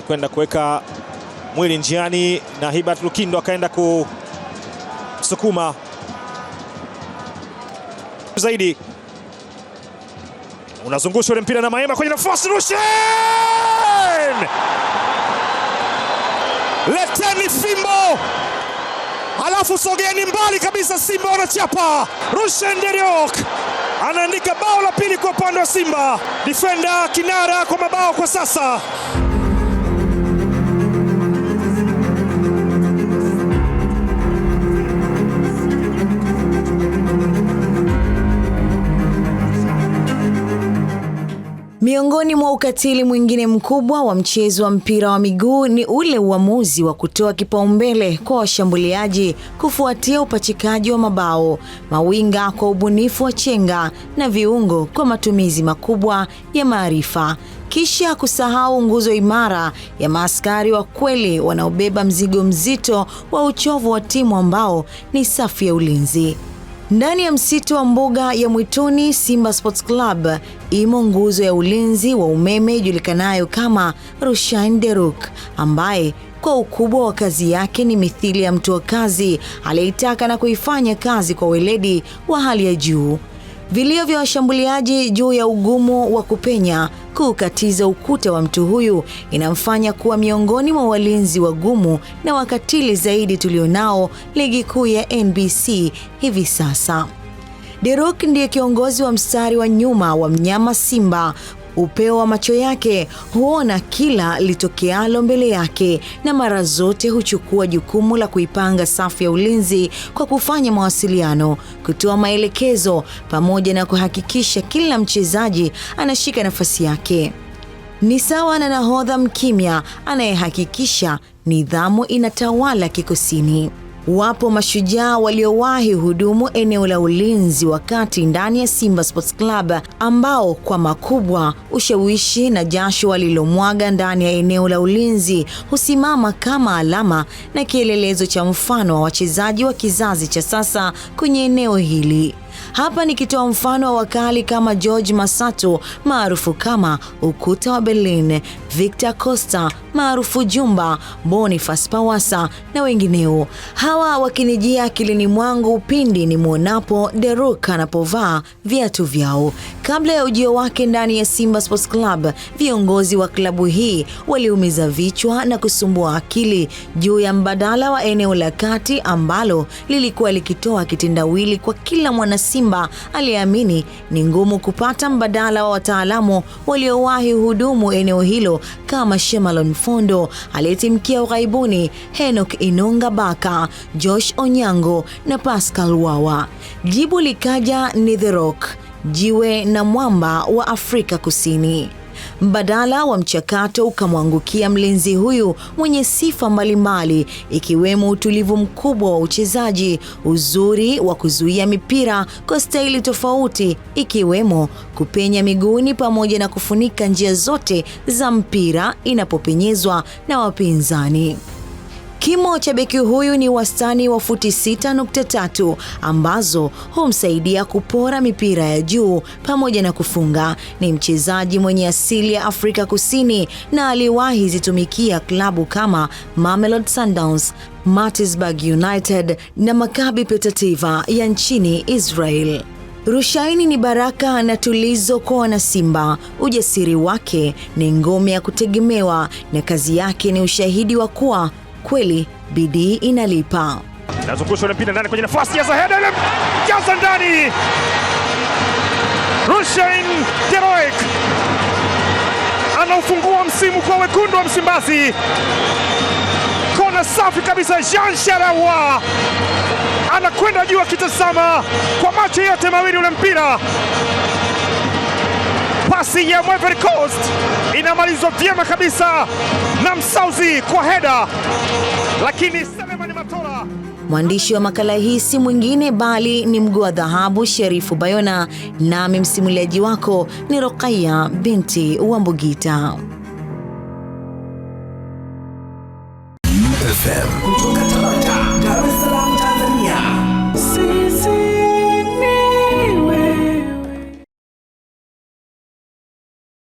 alikwenda kuweka mwili njiani na Hibert Lukindo akaenda kusukuma zaidi, unazungusha ule mpira na Maema kwenye nafasi, Rushen! Leteni fimbo alafu sogeeni mbali kabisa, Simba wanachapa. Rushen Deriok anaandika bao la pili kwa upande wa Simba, defender kinara kwa mabao kwa sasa. Miongoni mwa ukatili mwingine mkubwa wa mchezo wa mpira wa miguu ni ule uamuzi wa kutoa kipaumbele kwa washambuliaji kufuatia upachikaji wa mabao, mawinga kwa ubunifu wa chenga na viungo kwa matumizi makubwa ya maarifa, kisha kusahau nguzo imara ya maaskari wa kweli wanaobeba mzigo mzito wa uchovu wa timu ambao ni safu ya ulinzi. Ndani ya msitu wa mbuga ya mwituni, Simba Sports Club imo nguzo ya ulinzi wa umeme ijulikanayo kama Rushain Deruk ambaye kwa ukubwa wa kazi yake ni mithili ya mtu wa kazi aliyeitaka na kuifanya kazi kwa weledi wa hali ya juu. Vilio vya washambuliaji juu ya ugumu wa kupenya kukatiza ukuta wa mtu huyu inamfanya kuwa miongoni mwa walinzi wagumu na wakatili zaidi tulionao ligi kuu ya NBC hivi sasa. Derok ndiye kiongozi wa mstari wa nyuma wa mnyama simba Upeo wa macho yake huona kila litokealo mbele yake, na mara zote huchukua jukumu la kuipanga safu ya ulinzi kwa kufanya mawasiliano, kutoa maelekezo, pamoja na kuhakikisha kila mchezaji anashika nafasi yake. Ni sawa na nahodha mkimya anayehakikisha nidhamu inatawala kikosini. Wapo mashujaa waliowahi hudumu eneo la ulinzi wa kati ndani ya Simba Sports Club ambao kwa makubwa ushawishi na jasho walilomwaga ndani ya eneo la ulinzi husimama kama alama na kielelezo cha mfano wa wachezaji wa kizazi cha sasa kwenye eneo hili. Hapa nikitoa mfano wa wakali kama George Masato maarufu kama Ukuta wa Berlin Victor Costa maarufu Jumba, Boniface Pawasa na wengineo. Hawa wakinijia akilini mwangu pindi ni mwonapo deruk anapovaa viatu vyao. Kabla ya ujio wake ndani ya Simba Sports Club, viongozi wa klabu hii waliumiza vichwa na kusumbua akili juu ya mbadala wa eneo la kati ambalo lilikuwa likitoa kitendawili kwa kila mwanasimba aliyeamini ni ngumu kupata mbadala wa wataalamu waliowahi hudumu eneo hilo kama Shemalon Fondo aliyetimkia ughaibuni Henok Inonga Baka, Josh Onyango na Pascal Wawa. Jibu likaja ni The Rock, jiwe na mwamba wa Afrika Kusini mbadala wa mchakato ukamwangukia mlinzi huyu mwenye sifa mbalimbali ikiwemo utulivu mkubwa wa uchezaji, uzuri wa kuzuia mipira kwa staili tofauti ikiwemo kupenya miguuni pamoja na kufunika njia zote za mpira inapopenyezwa na wapinzani. Kimo cha beki huyu ni wastani wa futi 6.3 ambazo humsaidia kupora mipira ya juu pamoja na kufunga. Ni mchezaji mwenye asili ya Afrika Kusini na aliwahi zitumikia klabu kama Mamelodi Sundowns, Matisburg United na Maccabi Petah Tikva ya nchini Israel. Rushaini ni baraka na tulizo kwa wanasimba. Ujasiri wake ni ngome ya kutegemewa na kazi yake ni ushahidi wa kuwa Kweli bidii inalipa. Nazungusha ule mpira ndani kwenye nafasi ya Zaheda, ile jaza ndani. Rushain Deroik anaufungua msimu kwa wekundu wa Msimbazi. Kona safi kabisa, Jean Sharawa anakwenda juu akitazama kwa macho yote mawili ule mpira pasi ya Ivory Coast inamalizwa vyema kabisa na Msauzi kwa heda, lakini Selemani Matola. Mwandishi wa makala hii si mwingine bali ni mguu wa dhahabu Sherifu Bayona, nami msimuliaji wako ni Rokaya binti wa Mbugita FM.